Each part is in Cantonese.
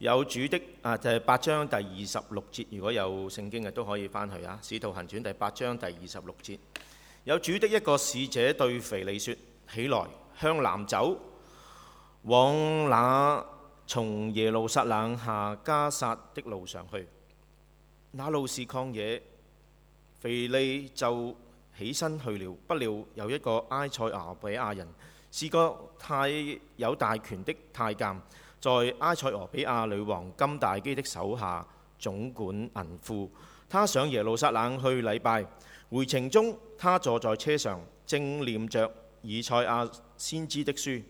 有主的啊，就係八章第二十六節。如果有聖經嘅都可以翻去啊，《使徒行傳》第八章第二十六節。有主的一個使者對腓利說：起來，向南走，往那從耶路撒冷下加撒的路上去。那路是曠野，腓利就起身去了。不料有一個埃塞俄比亞人，是個太有大權的太監。在埃塞俄比亞女王金大基的手下總管銀庫，他上耶路撒冷去禮拜，回程中他坐在車上，正念着以賽亞先知的書。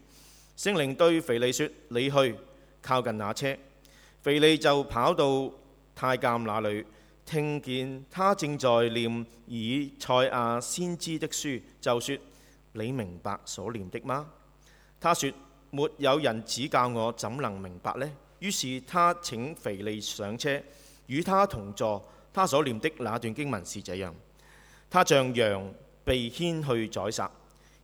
聖靈對腓利說，你去靠近那車，腓利就跑到太監那裏，聽見他正在念以賽亞先知的書，就說，你明白所念的嗎？他說。沒有人指教我，怎能明白呢？於是他請腓利上車，與他同坐。他所念的那段經文是這樣：他像羊被牽去宰殺，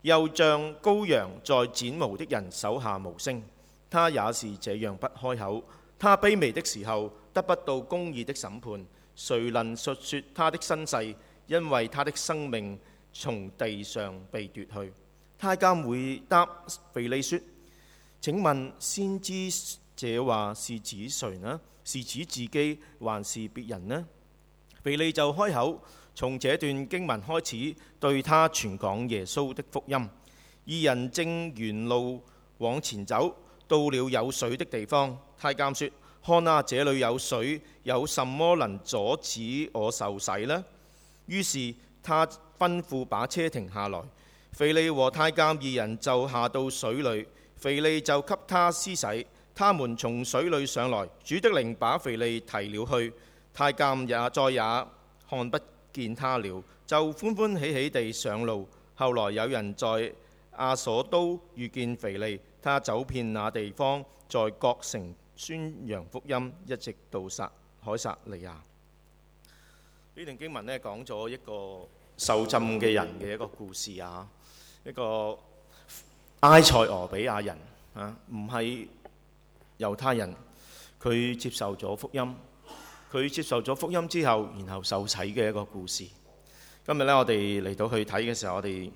又像羔羊在剪毛的人手下無聲。他也是這樣不開口。他卑微的時候得不到公義的審判，誰能述説他的身世？因為他的生命從地上被奪去。太監回答腓利說。請問，先知這話是指誰呢？是指自己還是別人呢？腓利就開口，從這段經文開始對他傳講耶穌的福音。二人正沿路往前走，到了有水的地方，太監說：看啊，這裏有水，有什麼能阻止我受洗呢？於是他吩咐把車停下來。腓利和太監二人就下到水裏。肥利就給他施洗，他們從水裏上來，主的靈把肥利提了去，太監也再也看不見他了，就歡歡喜喜地上路。後來有人在阿索都遇見肥利，他走遍那地方，在各城宣揚福音，一直到撒海撒利亞。呢段經文呢，講咗一個受浸嘅人嘅一個故事啊，一個。埃塞俄比亞人啊，唔係猶太人，佢接受咗福音，佢接受咗福音之後，然後受洗嘅一個故事。今日咧，我哋嚟到去睇嘅時候，我哋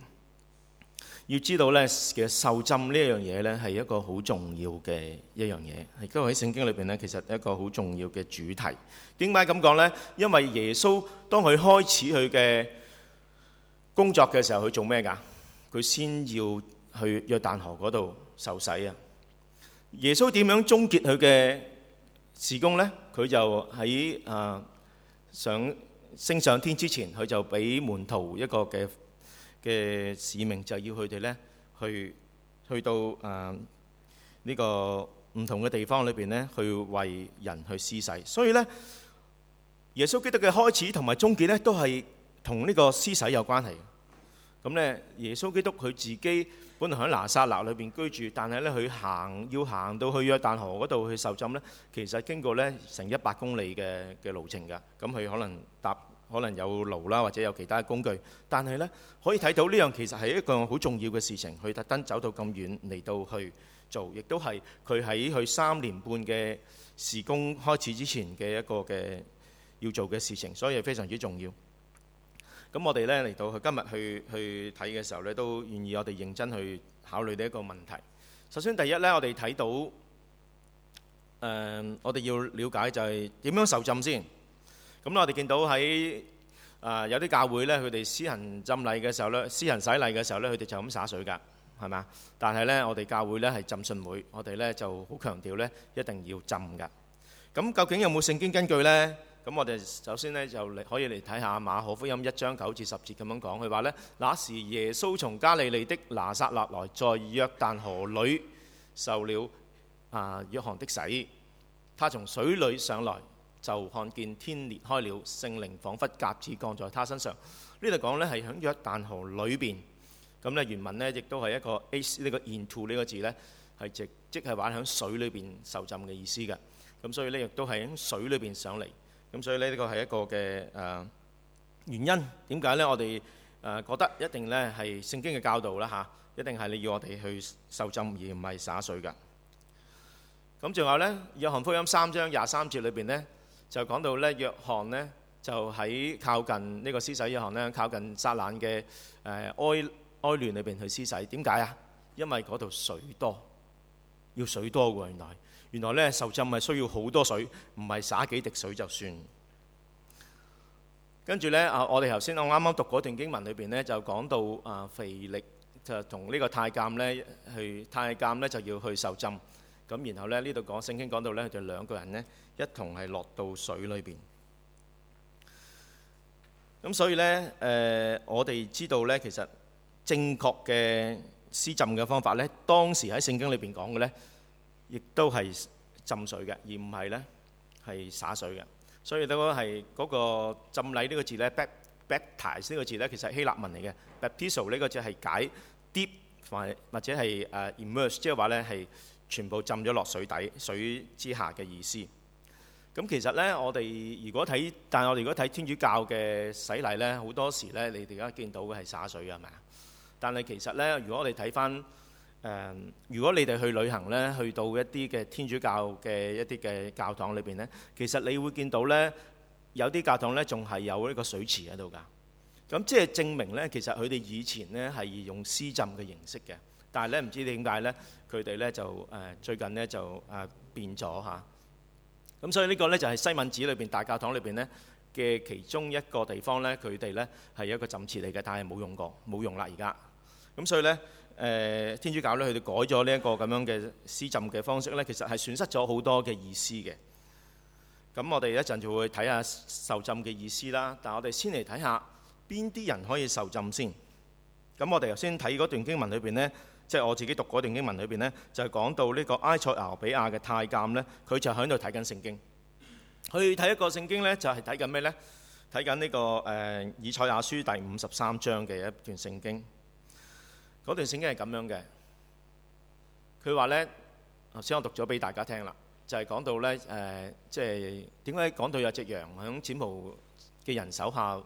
要知道咧嘅受浸呢樣嘢咧，係一個好重要嘅一樣嘢，亦都喺聖經裏邊咧，其實一個好重要嘅主題。點解咁講咧？因為耶穌當佢開始佢嘅工作嘅時候，佢做咩噶？佢先要。去約旦河嗰度受洗啊！耶穌點樣終結佢嘅事工呢？佢就喺啊、呃、上升上天之前，佢就俾門徒一個嘅嘅使命，就係、要佢哋呢去去到啊呢、呃這個唔同嘅地方裏邊呢，去為人去施洗。所以呢，耶穌基督嘅開始同埋終結呢，都係同呢個施洗有關係。咁呢，耶穌基督佢自己。本來喺拿撒勒裏邊居住，但係咧佢行要行到去約旦河嗰度去受浸咧，其實經過咧成一百公里嘅嘅路程㗎。咁佢可能搭可能有驢啦，或者有其他嘅工具。但係咧可以睇到呢樣其實係一個好重要嘅事情，佢特登走到咁遠嚟到去做，亦都係佢喺佢三年半嘅事工開始之前嘅一個嘅要做嘅事情，所以非常之重要。咁我哋呢嚟到去今日去去睇嘅時候呢，都願意我哋認真去考慮嘅一個問題。首先第一呢，我哋睇到誒，我哋要了解就係點樣受浸先。咁呢，我哋見到喺啊有啲教會呢，佢哋施行浸禮嘅時候呢，施行洗禮嘅時候呢，佢哋就咁灑水㗎，係嘛？但係呢，我哋教會呢係浸信會，我哋呢就好強調呢一定要浸㗎。咁究竟有冇聖經根據呢？咁我哋首先呢，就嚟可以嚟睇下馬可福音一章九至十節咁樣講，佢話呢，那時耶穌從加利利的拿撒勒來，在約旦河裏受了啊約翰的洗。他從水裏上來，就看見天裂開了，聖靈彷彿鴿子降在他身上。講呢度講呢係喺約旦河裏邊，咁呢原文呢，亦都係一個 A C 呢個 into 呢個字呢，係直即係話喺水裏邊受浸嘅意思嘅。咁所以呢，亦都係喺水裏邊上嚟。咁、嗯、所以呢呢個係一個嘅誒、呃、原因，點解呢？我哋誒、呃、覺得一定呢係聖經嘅教導啦嚇、啊，一定係你要我哋去受浸而唔係灑水㗎。咁最後呢，《約翰福音》三章廿三節裏邊呢，就講到呢約翰呢就喺靠近呢、這個施洗約翰呢，靠近撒冷嘅誒哀哀嫩裏邊去施洗。點解啊？因為嗰度水多，要水多㗎原來。原來呢受浸係需要好多水，唔係灑幾滴水就算。跟住呢，啊，我哋頭先我啱啱讀嗰段經文裏邊呢，就講到啊，腓力就同呢個太監呢，去太監呢，就要去受浸。咁然後呢，呢度講聖經講到呢，就兩個人呢，一同係落到水裏邊。咁所以呢，誒、呃，我哋知道呢，其實正確嘅施浸嘅方法呢，當時喺聖經裏邊講嘅呢。亦都係浸水嘅，而唔係呢係灑水嘅。所以都係嗰個浸禮呢個字呢，baptize 呢個字呢，其實係希臘文嚟嘅。baptizo 呢個字係解 deep 或或者係誒 immerse，即係話呢係全部浸咗落水底、水之下嘅意思。咁其實呢，我哋如果睇，但係我哋如果睇天主教嘅洗禮呢，好多時呢，你哋而家見到嘅係灑水嘅，係咪啊？但係其實呢，如果我哋睇翻，誒、嗯，如果你哋去旅行呢，去到一啲嘅天主教嘅一啲嘅教堂裏邊呢，其實你會見到呢，有啲教堂呢仲係有呢個水池喺度噶。咁即係證明呢，其實佢哋以前呢係用施浸嘅形式嘅，但係呢，唔知點解呢，佢哋呢就誒、呃、最近呢就誒、呃、變咗吓。咁、啊、所以呢個呢，就係、是、西敏寺裏邊大教堂裏邊呢嘅其中一個地方呢，佢哋呢係有一個浸池嚟嘅，但係冇用過，冇用啦而家。咁所以呢。誒、呃、天主教咧，佢哋改咗呢一個咁樣嘅施浸嘅方式呢，其實係損失咗好多嘅意思嘅。咁我哋一陣就會睇下受浸嘅意思啦。但係我哋先嚟睇下邊啲人可以受浸先。咁我哋頭先睇嗰段經文裏邊呢，即係、就是、我自己讀嗰段經文裏邊呢就係、是、講到呢個埃塞俄比亞嘅太監呢，佢就喺度睇緊聖經。佢睇一個聖經呢，就係睇緊咩呢？睇緊呢個誒、呃、以賽亞書第五十三章嘅一段聖經。嗰段聖經係咁樣嘅，佢話呢，頭先我讀咗俾大家聽啦，就係、是、講到呢，誒、呃，即係點解講到有隻羊喺剪毛嘅人手下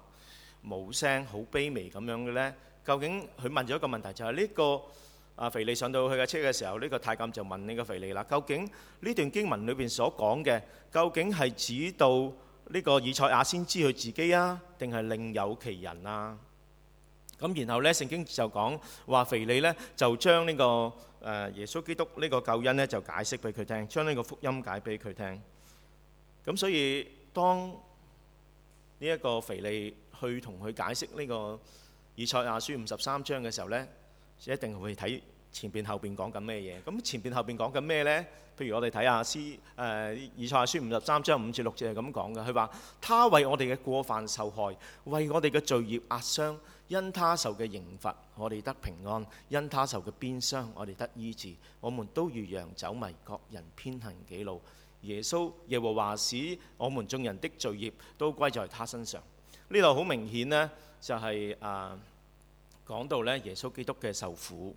冇聲，好卑微咁樣嘅呢？究竟佢問咗一個問題，就係、是、呢、這個阿腓、啊、利上到去嘅車嘅時候，呢、這個太監就問呢個腓利啦。究竟呢段經文裏邊所講嘅，究竟係指到呢個以賽亞先知佢自己啊，定係另有其人啊？咁然後咧，聖經就講話腓利咧，就將呢個誒耶穌基督呢個救恩咧，就解釋俾佢聽，將呢個福音解俾佢聽。咁所以當呢一個腓利去同佢解釋呢個以賽亞書五十三章嘅時候咧，就一定會睇。前邊後邊講緊咩嘢？咁前邊後邊講緊咩呢？譬如我哋睇下呃、《以賽亞書》五十三章五至六節係咁講嘅。佢話：他為我哋嘅過犯受害，為我哋嘅罪孽壓傷。因他受嘅刑罰，我哋得平安；因他受嘅鞭傷，我哋得醫治。我們都如羊走迷，各人偏行己路。耶穌、耶和華使我們眾人的罪孽都歸在他身上。呢度好明顯呢，就係誒講到呢耶穌基督嘅受苦。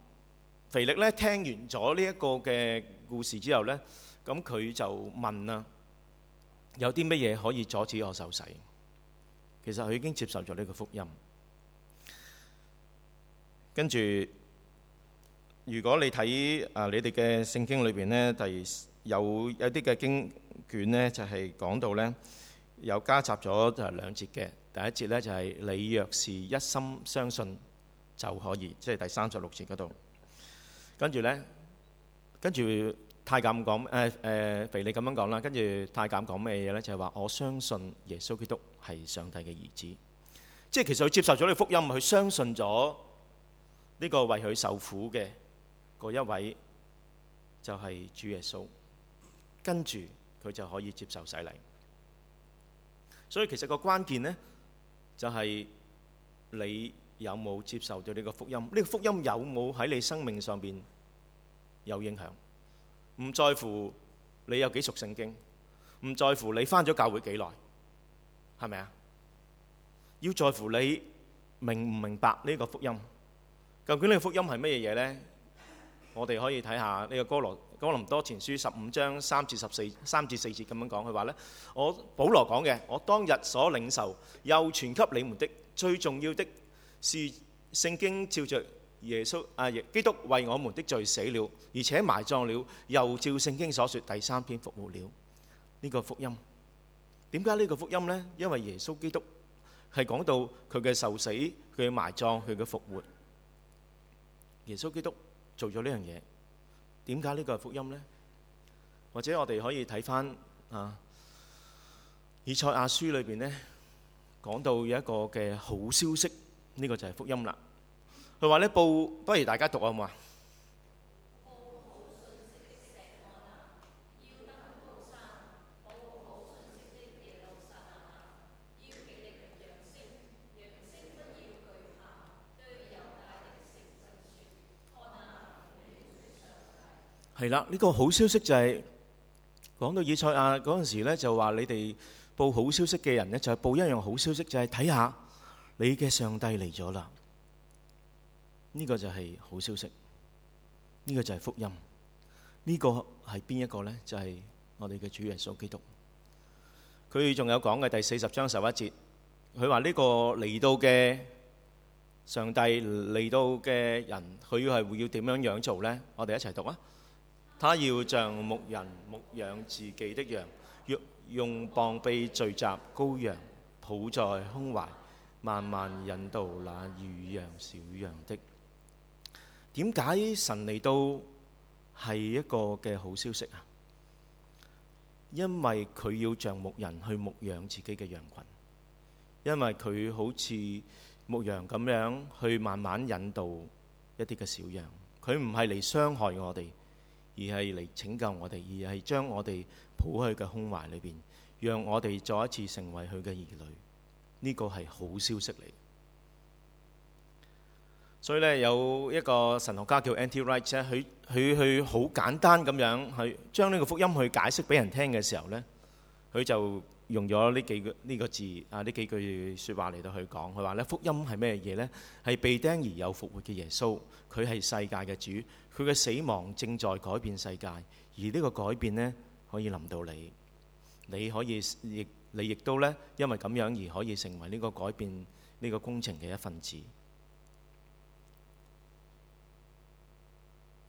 腓力咧聽完咗呢一個嘅故事之後呢，咁佢就問啊：有啲乜嘢可以阻止我受洗？其實佢已經接受咗呢個福音。跟住，如果你睇啊你哋嘅聖經裏邊呢，第有有啲嘅經卷呢，就係講到呢，有加插咗就係兩節嘅。第一節呢、就是，就係你若是一心相信就可以，即、就、係、是、第三十六節嗰度。跟住咧，跟住太監講誒誒，腓力咁樣講啦。跟住太監講咩嘢咧？就係話我相信耶穌基督係上帝嘅兒子，即係其實佢接受咗呢個福音，佢相信咗呢個為佢受苦嘅嗰一位，就係主耶穌。跟住佢就可以接受洗禮。所以其實個關鍵咧，就係你有冇接受到呢個福音？呢個福音有冇喺你生命上邊？有影響，唔在乎你有幾熟聖經，唔在乎你返咗教會幾耐，係咪啊？要在乎你明唔明白呢個福音？究竟呢個福音係乜嘢嘢呢？我哋可以睇下呢、這個哥羅哥林多前書十五章三至十四三至四節咁樣講，佢話呢，我保羅講嘅，我當日所領受又傳給你們的最重要的是聖經照着。」耶穌啊，基督為我們的罪死了，而且埋葬了，又照聖經所說第三天復活了。呢個福音點解呢個福音呢？因為耶穌基督係講到佢嘅受死、佢嘅埋葬、佢嘅復活。耶穌基督做咗呢樣嘢，點解呢個係福音呢？或者我哋可以睇翻啊，以賽亞書裏邊呢，講到有一個嘅好消息，呢個就係福音啦。佢話咧報，不如大家讀啊！好嘛？係啦，呢、這個好消息就係、是、講到以賽亞嗰陣時咧，就話你哋報好消息嘅人咧，就係報一樣好消息，就係睇下你嘅上帝嚟咗啦。呢個就係好消息，呢、這個就係福音，呢、這個係邊一個呢？就係、是、我哋嘅主耶穌基督。佢仲有講嘅第四十章十一節，佢話呢個嚟到嘅上帝嚟到嘅人，佢係要點樣樣做呢？我哋一齊讀啊！他要像牧人牧養自己的羊，用用膀臂聚集羔羊，抱在胸懷，慢慢引導那乳養小羊的。點解神嚟到係一個嘅好消息啊？因為佢要像牧人去牧養自己嘅羊群，因為佢好似牧羊咁樣去慢慢引導一啲嘅小羊，佢唔係嚟傷害我哋，而係嚟拯救我哋，而係將我哋抱喺佢嘅胸懷裏邊，讓我哋再一次成為佢嘅兒女。呢個係好消息嚟。所以咧，有一個神學家叫 N.T. Wright 咧，佢佢佢好簡單咁樣去將呢個福音去解釋俾人聽嘅時候咧，佢就用咗呢幾個呢個字啊，呢幾句説話嚟到去講，佢話咧，福音係咩嘢咧？係被釘而有復活嘅耶穌，佢係世界嘅主，佢嘅死亡正在改變世界，而呢個改變咧可以臨到你，你可以亦你亦都咧因為咁樣而可以成為呢個改變呢個工程嘅一份子。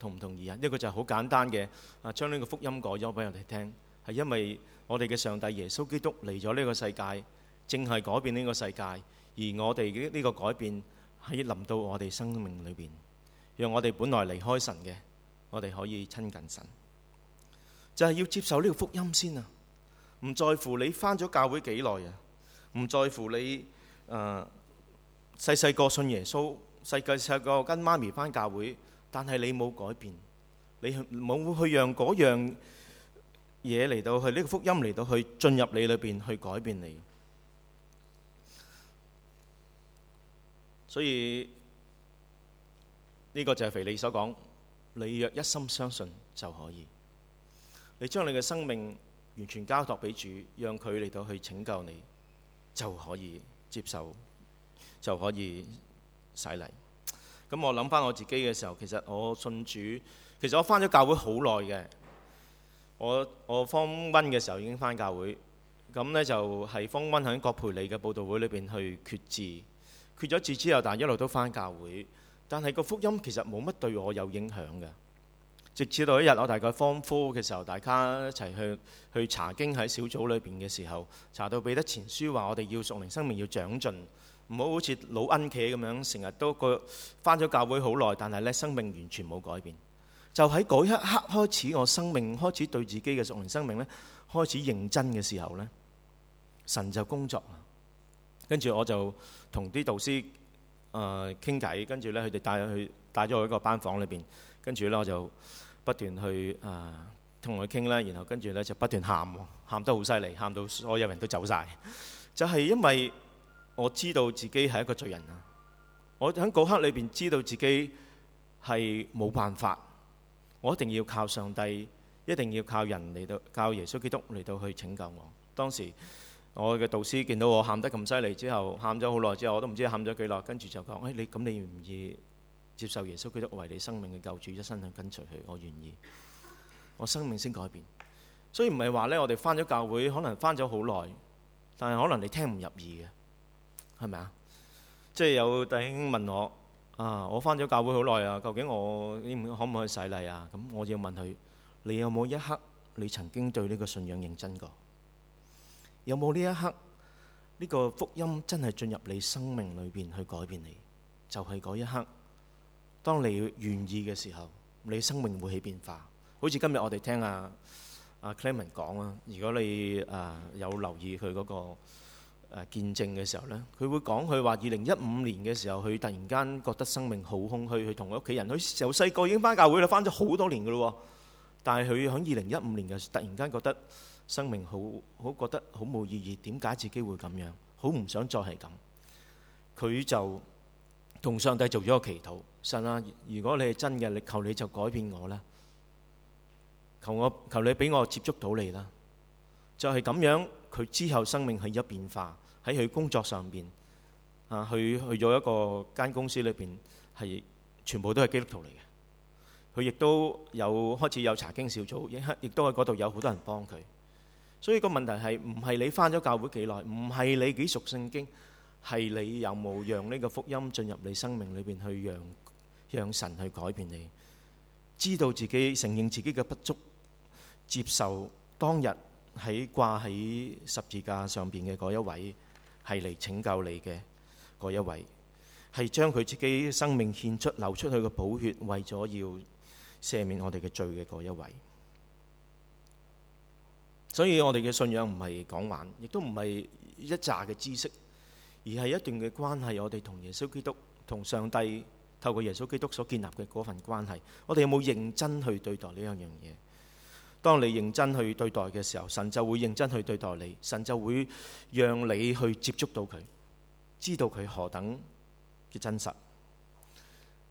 同唔同意啊？呢、這個就係好簡單嘅，啊將呢個福音改咗俾人哋聽，係因為我哋嘅上帝耶穌基督嚟咗呢個世界，正係改變呢個世界，而我哋嘅呢個改變喺臨到我哋生命裏邊，讓我哋本來離開神嘅，我哋可以親近神，就係、是、要接受呢個福音先啊！唔在乎你翻咗教會幾耐啊，唔在乎你誒細細個信耶穌，細細細個跟媽咪翻教會。但係你冇改變，你冇去讓嗰樣嘢嚟到去呢個福音嚟到去進入你裏邊去改變你。所以呢個就係腓利所講，你若一心相信就可以，你將你嘅生命完全交託俾主，讓佢嚟到去拯救你，就可以接受，就可以洗禮。咁、嗯、我諗返我自己嘅時候，其實我信主，其實我返咗教會好耐嘅。我我方温嘅時候，已經返教會，咁呢就係、是、方温喺葛培理嘅佈道會裏邊去決志。決咗志之後，但一路都返教會，但係個福音其實冇乜對我有影響嘅。直至到一日，我大概方夫嘅時候，大家一齊去去查經喺小組裏邊嘅時候，查到彼得前書話我哋要屬靈生命要長進。唔好好似老恩茄咁樣，成日都個返咗教會好耐，但係咧生命完全冇改變。就喺嗰一刻開始，我生命開始對自己嘅屬靈生命咧開始認真嘅時候咧，神就工作啦。跟住我就同啲導師誒傾偈，跟住咧佢哋帶咗去，帶咗我一個班房裏邊。跟住咧我就不斷去誒同佢傾啦，然後跟住咧就不斷喊，喊得好犀利，喊到所有人都走晒。就係因為。我知道自己係一個罪人啊！我喺嗰刻裏邊知道自己係冇辦法，我一定要靠上帝，一定要靠人嚟到教耶穌基督嚟到去拯救我。當時我嘅導師見到我喊得咁犀利之後，喊咗好耐之後，我都唔知喊咗幾耐，跟住就講，誒你咁，你願唔願意接受耶穌基督為你生命嘅救主，一生去跟隨佢？我願意，我生命先改變。所以唔係話呢。我哋返咗教會，可能返咗好耐，但係可能你聽唔入耳嘅。係咪啊？即係有弟兄問我啊，我翻咗教會好耐啊，究竟我可唔可以洗禮啊？咁我就問佢：你有冇一刻你曾經對呢個信仰認真過？有冇呢一刻呢個福音真係進入你生命裏邊去改變你？就係、是、嗰一刻，當你願意嘅時候，你生命會起變化。好似今日我哋聽阿、啊、阿、啊、Clement 講啊，如果你啊有留意佢嗰、嗰個。誒見證嘅時候咧，佢會講佢話：二零一五年嘅時候，佢突然間覺得生命好空虛，佢同屋企人，佢由細個已經翻教會啦，翻咗好多年噶啦。但係佢響二零一五年嘅突然間覺得生命好好覺得好冇意義，點解自己會咁樣？好唔想再係咁。佢就同上帝做咗個祈禱，神啊，如果你係真嘅，你求你就改變我啦，求我求你俾我接觸到你啦。就係咁樣，佢之後生命係有變化。喺佢工作上邊啊，去去咗一個間公司裏邊，係全部都係基督徒嚟嘅。佢亦都有開始有查經小組，亦亦都喺嗰度有好多人幫佢。所以個問題係唔係你返咗教會幾耐，唔係你幾熟聖經，係你有冇讓呢個福音進入你生命裏邊去讓，讓讓神去改變你，知道自己承認自己嘅不足，接受當日喺掛喺十字架上邊嘅嗰一位。係嚟拯救你嘅嗰一位，係將佢自己生命獻出、流出去嘅寶血，為咗要赦免我哋嘅罪嘅嗰一位。所以我哋嘅信仰唔係講玩，亦都唔係一紮嘅知識，而係一段嘅關係。我哋同耶穌基督、同上帝透過耶穌基督所建立嘅嗰份關係，我哋有冇認真去對待呢樣樣嘢？當你認真去對待嘅時候，神就會認真去對待你，神就會讓你去接觸到佢，知道佢何等嘅真實。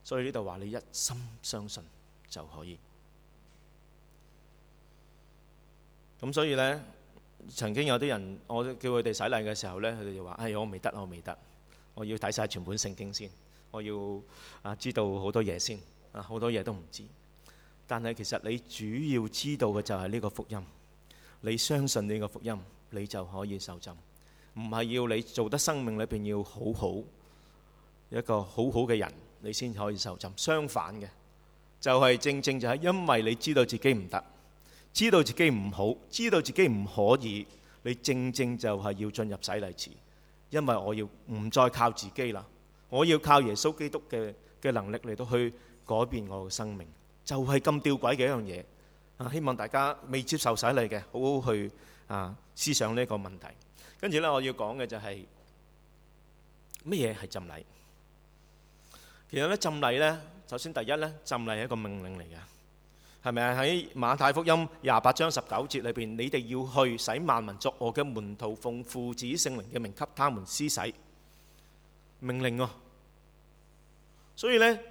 所以呢度話你一心相信就可以。咁所以呢，曾經有啲人，我叫佢哋洗禮嘅時候呢，佢哋就話：哎唷，我未得，我未得，我要睇晒全本聖經先，我要啊知道好多嘢先，啊好多嘢都唔知。但係，其實你主要知道嘅就係呢個福音。你相信呢個福音，你就可以受浸，唔係要你做得生命裏邊要好好一個好好嘅人，你先可以受浸。相反嘅就係、是、正正就係因為你知道自己唔得，知道自己唔好，知道自己唔可以，你正正就係要進入洗禮池，因為我要唔再靠自己啦，我要靠耶穌基督嘅嘅能力嚟到去改變我嘅生命。就係咁吊詭嘅一樣嘢啊！希望大家未接受洗禮嘅，好好去啊思想呢一個問題。跟住咧，我要講嘅就係乜嘢係浸禮。其實咧，浸禮咧，首先第一咧，浸禮係一個命令嚟嘅，係咪啊？喺馬太福音廿八章十九節裏邊，你哋要去使萬民作我嘅門徒，奉父子聖靈嘅名給他們施洗，命令啊！所以咧。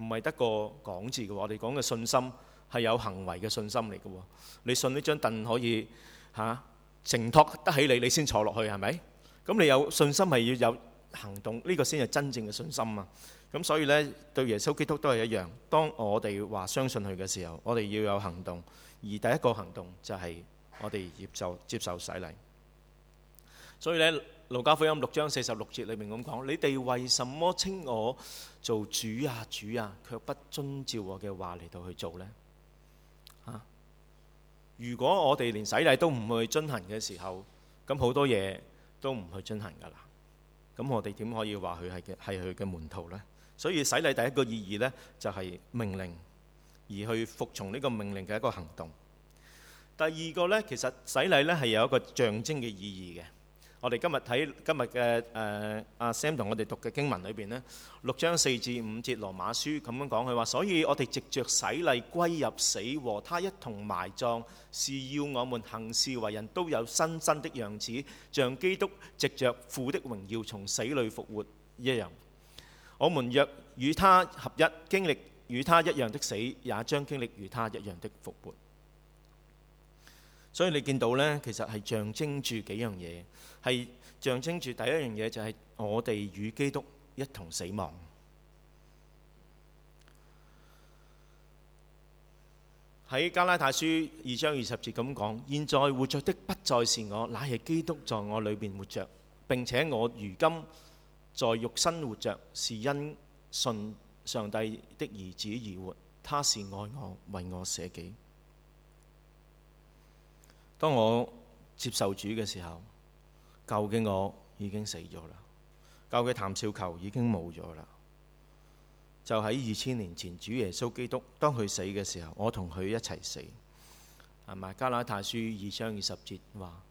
唔係得個講字嘅喎，我哋講嘅信心係有行為嘅信心嚟嘅喎。你信呢張凳可以嚇承托得起你，你先坐落去係咪？咁你有信心係要有行動，呢個先係真正嘅信心啊！咁所以呢，對耶穌基督都係一樣。當我哋話相信佢嘅時候，我哋要有行動，而第一個行動就係我哋接受接受洗禮。所以呢。路加福音六章四十六節裏面咁講：你哋為什麼稱我做主啊主啊，卻不遵照我嘅話嚟到去做呢？啊！如果我哋連洗禮都唔去遵行嘅時候，咁好多嘢都唔去遵行噶啦。咁我哋點可以話佢係嘅係佢嘅門徒呢？所以洗禮第一個意義呢就係命令，而去服從呢個命令嘅一個行動。第二個呢，其實洗禮呢係有一個象徵嘅意義嘅。我哋今日睇今日嘅誒阿 Sam 同我哋讀嘅經文裏邊咧，六章四至五節羅馬書咁樣講，佢話：所以，我哋藉著洗禮歸入死，和他一同埋葬，是要我們行事為人都有新生的樣子，像基督藉著父的榮耀從死裏復活一樣。我們若與他合一，經歷與他一樣的死，也將經歷與他一樣的復活。所以你見到呢，其實係象徵住幾樣嘢，係象徵住第一樣嘢就係我哋與基督一同死亡。喺加拉太書二章二十節咁講：現在活著的不再是我，乃係基督在我裏面活著。並且我如今在肉身活著，是因信上帝的兒子而活。他是愛我，為我捨己。當我接受主嘅時候，舊嘅我已經死咗啦？舊嘅譚紹球已經冇咗啦？就喺二千年前，主耶穌基督當佢死嘅時候，我同佢一齊死，係咪？加拉太書二章二十節話：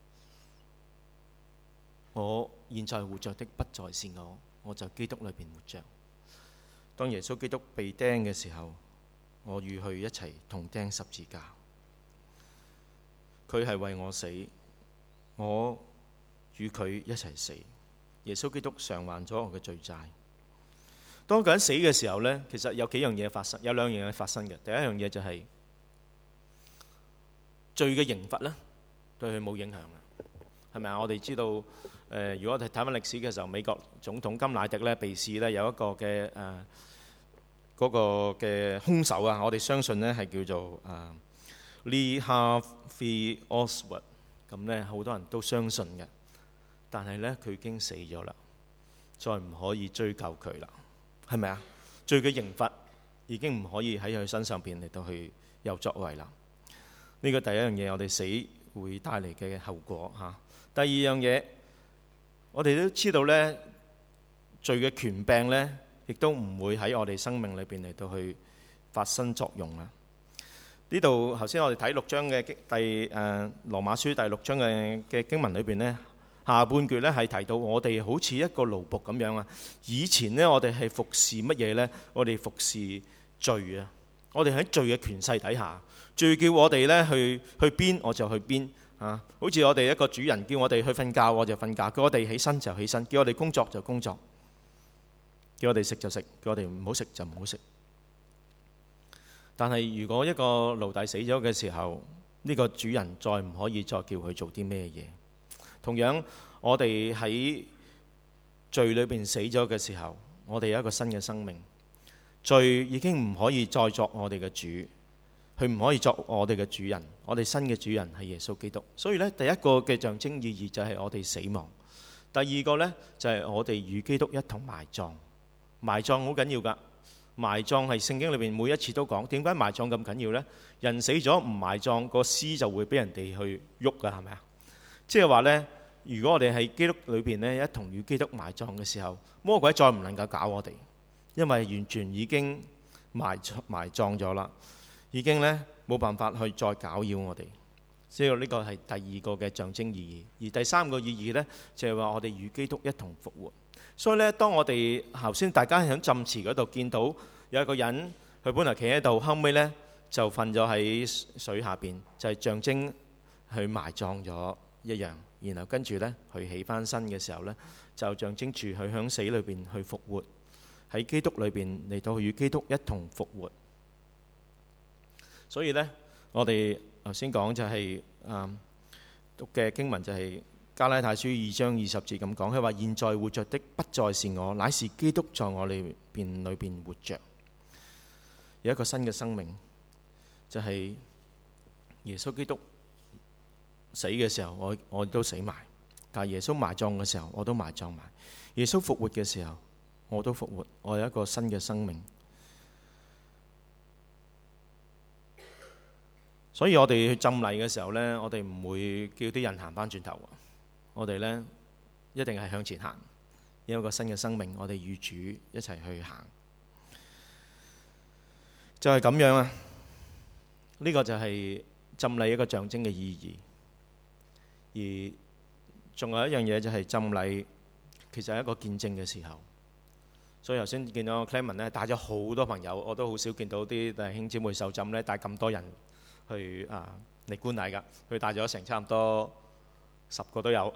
「我現在活着的不再是我，我在基督裏邊活着。」當耶穌基督被釘嘅時候，我與佢一齊同釘十字架。佢係為我死，我與佢一齊死。耶穌基督償還咗我嘅罪債。當個人死嘅時候咧，其實有幾樣嘢發生，有兩樣嘢發生嘅。第一樣嘢就係罪嘅刑罰咧，對佢冇影響嘅，係咪啊？我哋知道，誒，如果我哋睇返歷史嘅時候，美國總統甘乃迪咧，被試咧有一個嘅誒嗰個嘅兇手啊，我哋相信咧係叫做誒。Lee Harvey Oswald 咁咧，好多人都相信嘅，但係咧佢已經死咗啦，再唔可以追究佢啦，係咪啊？罪嘅刑罰已經唔可以喺佢身上邊嚟到去有作為啦。呢個第一樣嘢，我哋死會帶嚟嘅後果吓。第二樣嘢，我哋都知道咧，罪嘅權柄咧，亦都唔會喺我哋生命裏邊嚟到去發生作用啦。呢度頭先，我哋睇六章嘅經第誒、呃、羅馬書第六章嘅嘅經文裏邊呢，下半句呢係提到我哋好似一個奴僕咁樣啊。以前呢，我哋係服侍乜嘢呢？我哋服侍罪啊。我哋喺罪嘅權勢底下，罪叫我哋呢去去邊我就去邊啊。好似我哋一個主人叫我哋去瞓覺我就瞓覺，叫我哋起身就起身，叫我哋工作就工作，叫我哋食就食，叫我哋唔好食就唔好食。但係，如果一個奴隸死咗嘅時候，呢個主人再唔可以再叫佢做啲咩嘢？同樣，我哋喺罪裏邊死咗嘅時候，我哋有一個新嘅生命。罪已經唔可以再作我哋嘅主，佢唔可以作我哋嘅主人。我哋新嘅主人係耶穌基督。所以呢，第一個嘅象徵意義就係我哋死亡；第二個呢，就係我哋與基督一同埋葬。埋葬好緊要㗎。埋葬係聖經裏邊每一次都講，點解埋葬咁緊要呢？人死咗唔埋葬，個屍就會俾人哋去喐噶，係咪啊？即係話呢，如果我哋喺基督裏邊咧，一同與基督埋葬嘅時候，魔鬼再唔能夠搞我哋，因為完全已經埋埋葬咗啦，已經呢，冇辦法去再搞擾我哋。所以呢個係第二個嘅象徵意義，而第三個意義呢，就係話我哋與基督一同復活。所以咧，當我哋頭先大家喺浸池嗰度見到有一個人，佢本來企喺度，後尾呢就瞓咗喺水下邊，就係象徵佢埋葬咗一樣。然後跟住呢，佢起翻身嘅時候呢，就象徵住佢喺死裏邊去復活喺基督裏邊嚟到與基督一同復活。所以呢，我哋頭先講就係誒讀嘅經文就係。加拉太書二章二十節咁講，佢話，現在活着的不再是我，乃是基督在我裏面裏面活着。有一個新嘅生命，就係耶穌基督死嘅時候，我我都死埋；但係耶穌埋葬嘅時候，我都埋葬埋。耶穌復活嘅時候，我都復活。我有一個新嘅生命。所以我哋去浸禮嘅時候呢，我哋唔會叫啲人行返轉頭。我哋呢，一定係向前行，因為一個新嘅生命，我哋與主一齊去行，就係咁樣啊！呢個就係浸禮一個象徵嘅意義，而仲有一樣嘢就係浸禮，其實係一個見證嘅時候。所以頭先見到我 Clement 呢帶咗好多朋友，我都好少見到啲弟兄姊妹受浸呢帶咁多人去啊嚟觀禮噶，佢帶咗成差唔多。十個都有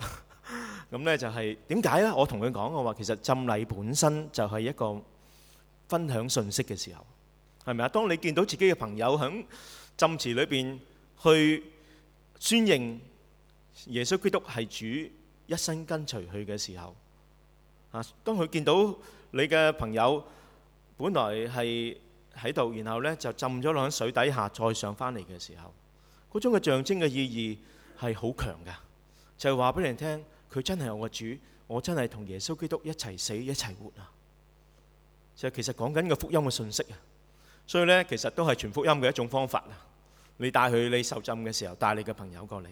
咁 呢、就係，就係點解呢？我同佢講我話，其實浸禮本身就係一個分享信息嘅時候，係咪啊？當你見到自己嘅朋友響浸池裏邊去宣認耶穌基督係主，一生跟隨佢嘅時候，啊，當佢見到你嘅朋友本來係喺度，然後呢就浸咗落喺水底下，再上返嚟嘅時候，嗰種嘅象徵嘅意義係好強嘅。就話俾你聽，佢真係我嘅主，我真係同耶穌基督一齊死一齊活啊！就其實講緊個福音嘅信息啊，所以咧，其實都係傳福音嘅一種方法啊。你帶去你受浸嘅時候，帶你嘅朋友過嚟，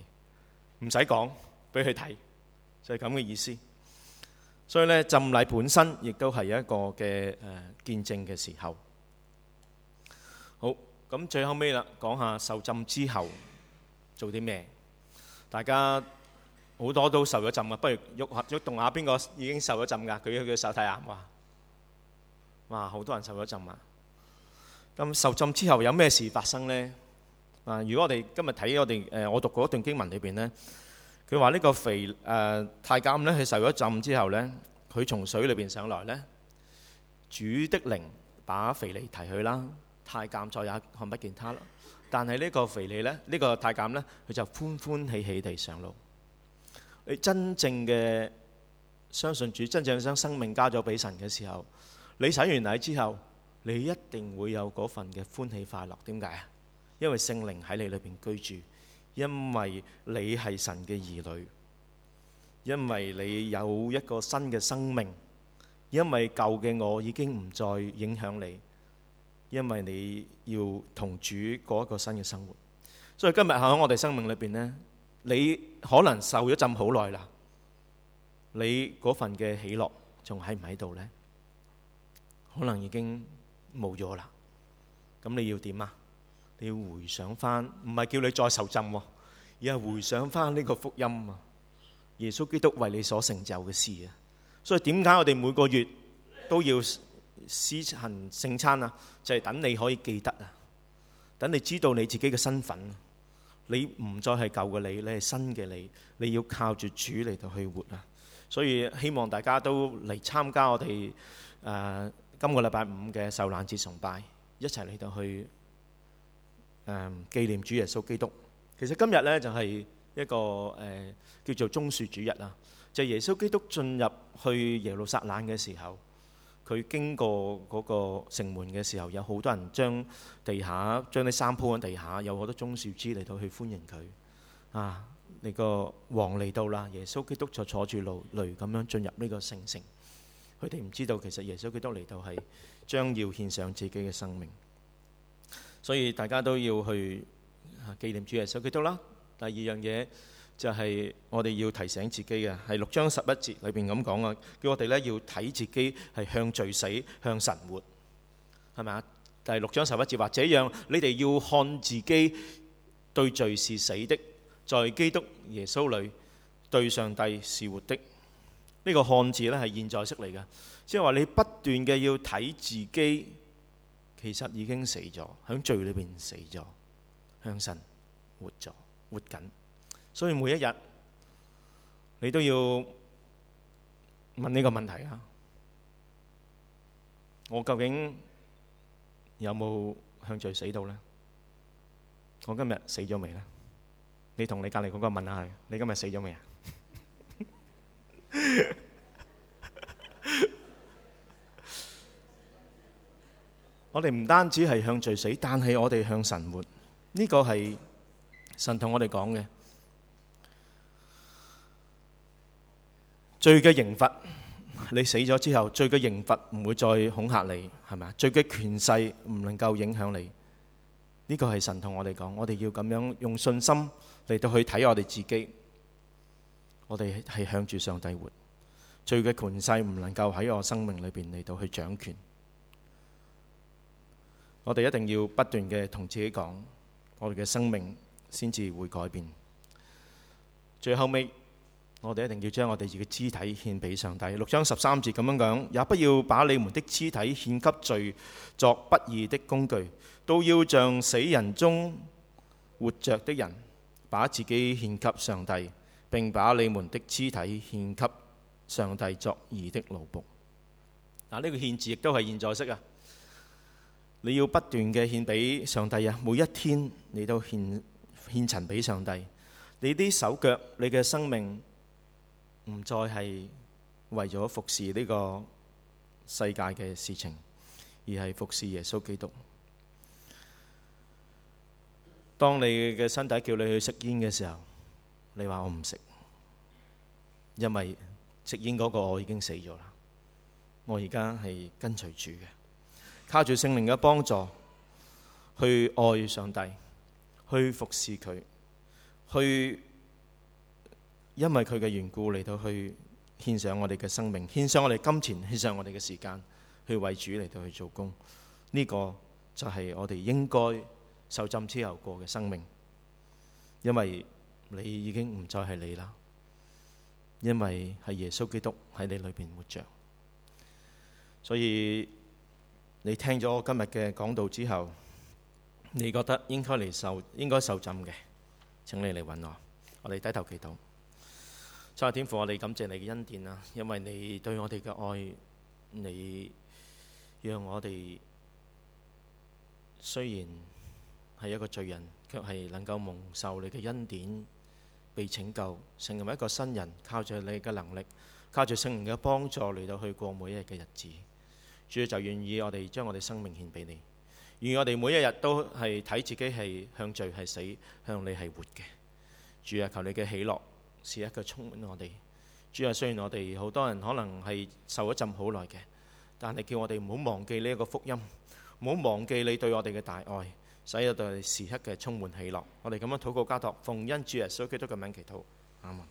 唔使講，俾佢睇，就係咁嘅意思。所以咧，浸禮本身亦都係有一個嘅誒見證嘅時候。好，咁最後尾啦，講下受浸之後做啲咩，大家。好多都受咗浸啊！不如喐下喐動下，邊個已經受咗浸㗎？舉佢嘅手睇下，哇！哇！好多人受咗浸啊！咁受浸之後有咩事發生咧？啊！如果我哋今日睇我哋誒，我讀過一段經文裏邊咧，佢話呢個腓誒太監咧，佢受咗浸之後咧，佢從水裏邊上來咧，主的靈把腓利提去啦，太監再也看不見他啦。但係呢個腓利咧，呢個太監咧，佢就歡歡喜喜地上路。佢真正嘅相信主，真正將生命交咗俾神嘅時候，你洗完禮之後，你一定會有嗰份嘅歡喜快樂。點解啊？因為聖靈喺你裏邊居住，因為你係神嘅兒女，因為你有一個新嘅生命，因為舊嘅我已經唔再影響你，因為你要同主過一個新嘅生活。所以今日喺我哋生命裏邊咧。你可能受咗浸好耐啦，你嗰份嘅喜樂仲喺唔喺度呢？可能已經冇咗啦。咁你要點啊？你要回想翻，唔係叫你再受浸，而係回想翻呢個福音啊！耶穌基督為你所成就嘅事啊！所以點解我哋每個月都要施行聖餐啊？就係等你可以記得啊，等你知道你自己嘅身份。你唔再係舊嘅你，你係新嘅你，你要靠住主嚟到去活啊！所以希望大家都嚟參加我哋誒、呃、今個禮拜五嘅受難節崇拜，一齊嚟到去誒、呃、紀念主耶穌基督。其實今日呢，就係、是、一個誒、呃、叫做棕樹主日啊，就係、是、耶穌基督進入去耶路撒冷嘅時候。佢經過嗰個城門嘅時候，有好多人將地下將啲衫鋪喺地下，有好多棕樹枝嚟到去歡迎佢啊！呢個王嚟到啦，耶穌基督就坐住路雷咁樣進入呢個聖城。佢哋唔知道其實耶穌基督嚟到係將要獻上自己嘅生命，所以大家都要去紀念主耶穌基督啦。第二樣嘢。就係我哋要提醒自己嘅，係六章十一節裏邊咁講啊，叫我哋咧要睇自己係向罪死，向神活，係咪啊？第六章十一節話，這樣，你哋要看自己對罪是死的，在基督耶穌裏對上帝是活的。呢、這個看字咧係現在式嚟嘅，即係話你不斷嘅要睇自己，其實已經死咗喺罪裏邊死咗，向神活咗，活緊。所以每一日你都要問呢個問題啊！我究竟有冇向罪死到呢？我今日死咗未呢？你同你隔離嗰個問一下你今日死咗未啊？ 我哋唔單止係向罪死，但係我哋向神活。呢、呢個係神同我哋講嘅。罪嘅刑罰，你死咗之後，罪嘅刑罰唔會再恐嚇你，係咪啊？罪嘅權勢唔能夠影響你。呢個係神同我哋講，我哋要咁樣用信心嚟到去睇我哋自己。我哋係向住上帝活，罪嘅權勢唔能夠喺我生命裏邊嚟到去掌權。我哋一定要不斷嘅同自己講，我哋嘅生命先至會改變。最後尾。我哋一定要將我哋自己肢體獻俾上帝。六章十三節咁樣講，也不要把你們的肢體獻給罪作不義的工具，都要像死人中活着的人，把自己獻給上帝，並把你們的肢體獻給上帝作義的奴僕。嗱、啊，呢、這個獻字亦都係現在式啊！你要不斷嘅獻俾上帝啊！每一天你都獻獻陳俾上帝，你啲手腳、你嘅生命。唔再係為咗服侍呢個世界嘅事情，而係服侍耶穌基督。當你嘅身體叫你去食煙嘅時候，你話我唔食，因為食煙嗰個我已經死咗啦。我而家係跟隨主嘅，靠住聖靈嘅幫助去愛上帝，去服侍佢，去。因為佢嘅緣故嚟到去獻上我哋嘅生命，獻上我哋金錢，獻上我哋嘅時間去為主嚟到去做工。呢個就係我哋應該受浸之後過嘅生命。因為你已經唔再係你啦，因為係耶穌基督喺你裏邊活著。所以你聽咗我今日嘅講道之後，你覺得應該嚟受應該受浸嘅，請你嚟搵我。我哋低頭祈禱。真天父，我哋感謝你嘅恩典啊！因為你對我哋嘅愛，你讓我哋雖然係一個罪人，卻係能夠蒙受你嘅恩典，被拯救，成為一個新人。靠着你嘅能力，靠着聖人嘅幫助，嚟到去過每一日嘅日子。主就願意我哋將我哋生命獻俾你，願我哋每一日都係睇自己係向罪係死，向你係活嘅。主啊，求你嘅喜樂。是一個充滿我哋主啊，雖然我哋好多人可能係受咗浸好耐嘅，但係叫我哋唔好忘記呢一個福音，唔好忘記你對我哋嘅大愛，使到我哋時刻嘅充滿喜樂。我哋咁樣禱告交託奉恩主耶穌基督嘅名祈禱，阿門。